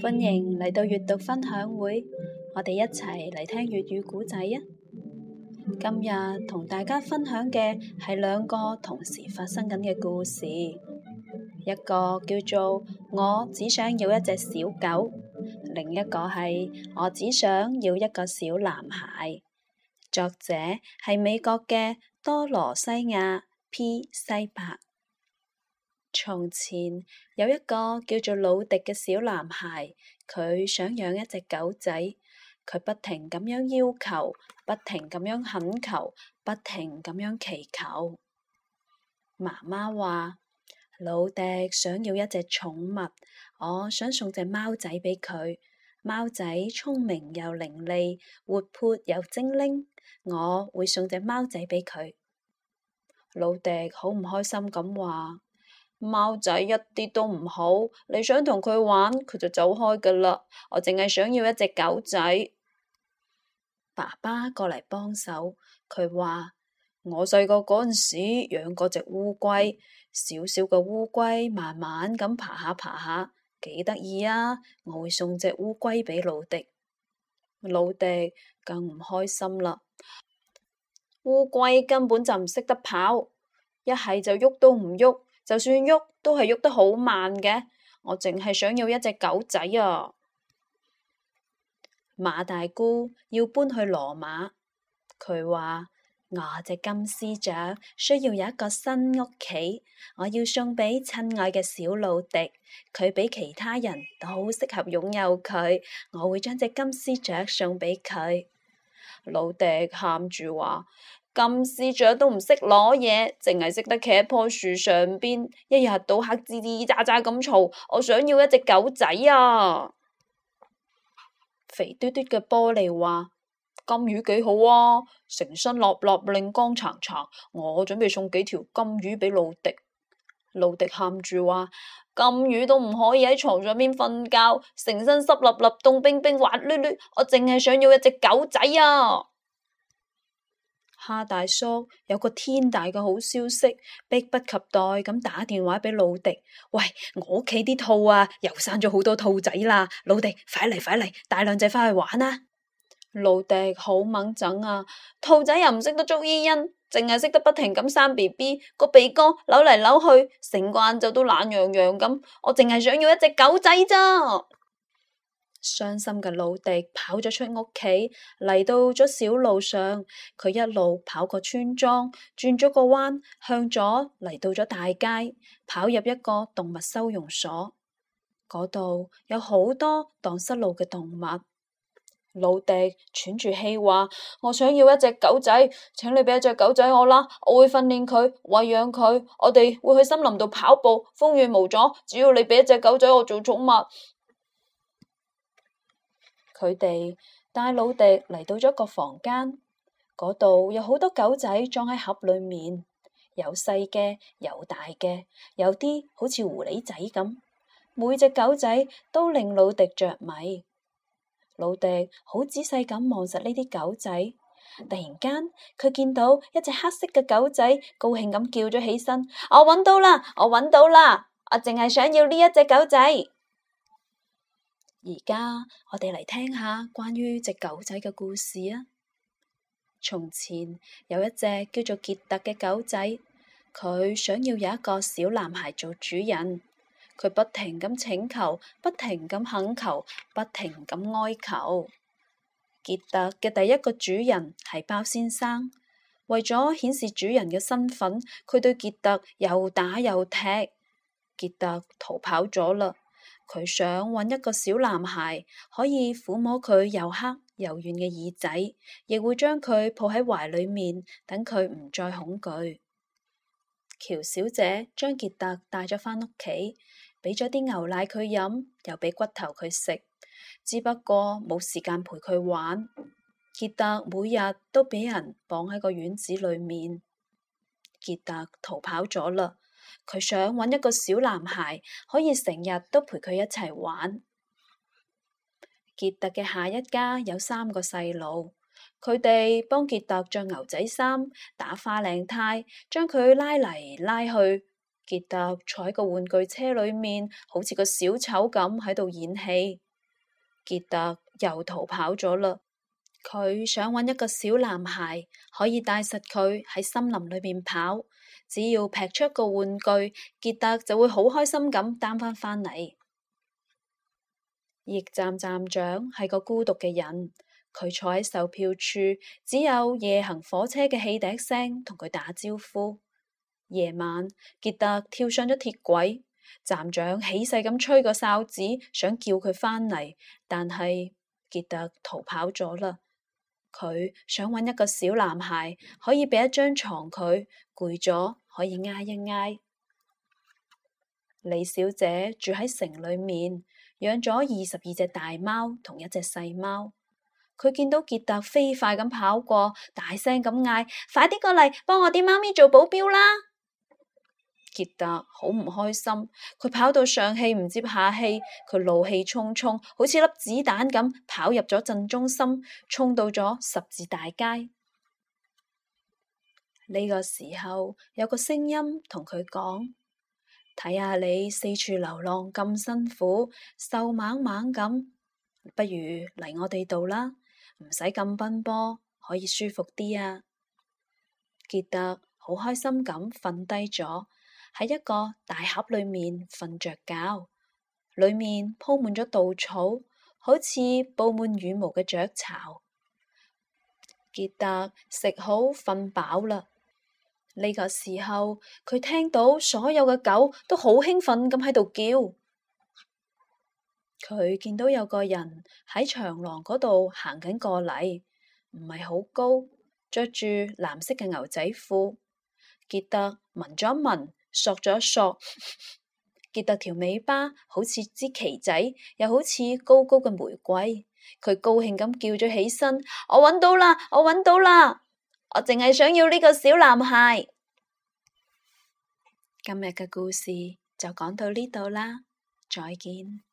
歡迎嚟到閱讀分享會，我哋一齊嚟聽粵語故仔啊！今日同大家分享嘅係兩個同時發生緊嘅故事，一個叫做《我只想要一隻小狗》，另一個係《我只想要一個小男孩》。作者係美國嘅多蘿西亞 P 西伯。從前有一個叫做魯迪嘅小男孩，佢想養一隻狗仔，佢不停咁樣要求，不停咁樣懇求，不停咁樣祈求。媽媽話：魯迪想要一隻寵物，我想送隻貓仔俾佢。貓仔聰明又伶俐，活潑又精靈，我會送隻貓仔俾佢。魯迪好唔開心咁話。貓仔一啲都唔好，你想同佢玩，佢就走開噶啦。我淨係想要一隻狗仔。爸爸過嚟幫手，佢話我細個嗰陣時養過隻烏龜，小小嘅烏龜慢慢咁爬下爬下，幾得意啊！我會送隻烏龜俾老迪，老迪更唔開心啦。烏龜根本就唔識得跑，一係就喐都唔喐。就算喐都係喐得好慢嘅，我淨係想要一隻狗仔啊！馬大姑要搬去羅馬，佢話我隻金絲雀需要有一個新屋企，我要送俾親愛嘅小老迪，佢比其他人都好適合擁有佢，我會將隻金絲雀送俾佢。老迪喊住話。金絲雀都唔識攞嘢，淨係識得企喺棵樹上邊，一日到黑吱吱喳喳咁嘈。我想要一隻狗仔啊！肥嘟嘟嘅玻璃話金魚幾好啊，成身落落令光燦燦。我準備送幾條金魚俾路迪。路迪喊住話金魚都唔可以喺床上面瞓覺，成身濕立立凍冰冰滑捋捋。我淨係想要一隻狗仔啊！哈大叔有個天大嘅好消息，迫不及待咁打電話俾老迪。喂，我屋企啲兔啊，又生咗好多兔仔啦，老迪快嚟快嚟，帶兩隻翻去玩啊！老迪好猛整啊，兔仔又唔識得捉伊恩，淨係識得不停咁生 B B，個鼻哥扭嚟扭去，成個晏晝都懶洋洋咁。我淨係想要一隻狗仔咋。傷心嘅老迪跑咗出屋企，嚟到咗小路上，佢一路跑過村莊，轉咗個彎，向左嚟到咗大街，跑入一個動物收容所。嗰度有好多蕩失路嘅動物。老迪喘住氣話：我想要一隻狗仔，請你俾一隻狗仔我啦，我會訓練佢，餵養佢，我哋會去森林度跑步，風雨無阻。只要你俾一隻狗仔我做寵物。佢哋帶魯迪嚟到咗個房間，嗰度有好多狗仔裝喺盒裏面，有細嘅，有大嘅，有啲好似狐狸仔咁。每隻狗仔都令魯迪着迷。魯迪好仔細咁望實呢啲狗仔，突然間佢見到一隻黑色嘅狗仔，高興咁叫咗起身：我揾到啦，我揾到啦！我淨係想要呢一隻狗仔。而家我哋嚟聽下關於隻狗仔嘅故事啊！從前有一隻叫做傑特嘅狗仔，佢想要有一個小男孩做主人，佢不停咁請求，不停咁懇求，不停咁哀求。傑特嘅第一個主人係包先生，為咗顯示主人嘅身份，佢對傑特又打又踢，傑特逃跑咗嘞。佢想揾一個小男孩，可以撫摸佢又黑又軟嘅耳仔，亦會將佢抱喺懷裏面，等佢唔再恐懼。喬小姐將杰特帶咗返屋企，俾咗啲牛奶佢飲，又俾骨頭佢食，只不過冇時間陪佢玩。杰特每日都俾人綁喺個院子裏面，杰特逃跑咗嘞。佢想揾一個小男孩，可以成日都陪佢一齊玩。杰特嘅下一家有三個細路，佢哋幫杰特着牛仔衫，打花領呔，將佢拉嚟拉去。杰特坐喺個玩具車裏面，好似個小丑咁喺度演戲。杰特又逃跑咗嘞。佢想揾一個小男孩，可以帶實佢喺森林裏面跑，只要劈出個玩具，杰特就會好開心咁擔返返嚟。驛站站長係個孤獨嘅人，佢坐喺售票處，只有夜行火車嘅汽笛聲同佢打招呼。夜晚，杰特跳上咗鐵軌，站長起勢咁吹個哨子，想叫佢返嚟，但係杰特逃跑咗啦。佢想揾一個小男孩，可以俾一張床佢，攰咗可以挨一挨。李小姐住喺城裏面，養咗二十二隻大貓同一隻細貓。佢見到杰特飛快咁跑過，大聲咁嗌：快啲過嚟幫我啲貓咪做保鏢啦！杰達好唔開心，佢跑到上氣唔接下氣，佢怒氣沖沖，好似粒子彈咁跑入咗鎮中心，衝到咗十字大街。呢個時候有個聲音同佢講：睇下你四處流浪咁辛苦，瘦蜢蜢咁，不如嚟我哋度啦，唔使咁奔波，可以舒服啲啊！杰達好開心咁瞓低咗。喺一個大盒裏面瞓着覺，裏面鋪滿咗稻草，好似布滿羽毛嘅雀巢。傑特食好瞓飽啦。呢、這個時候，佢聽到所有嘅狗都好興奮咁喺度叫。佢見到有個人喺長廊嗰度行緊過嚟，唔係好高，着住藍色嘅牛仔褲。傑特聞咗一聞。聞索咗索，結得條尾巴，好似支旗仔，又好似高高嘅玫瑰。佢高興咁叫咗起身：「我揾到啦，我揾到啦！我淨係想要呢個小男孩。」今日嘅故事就講到呢度啦，再見。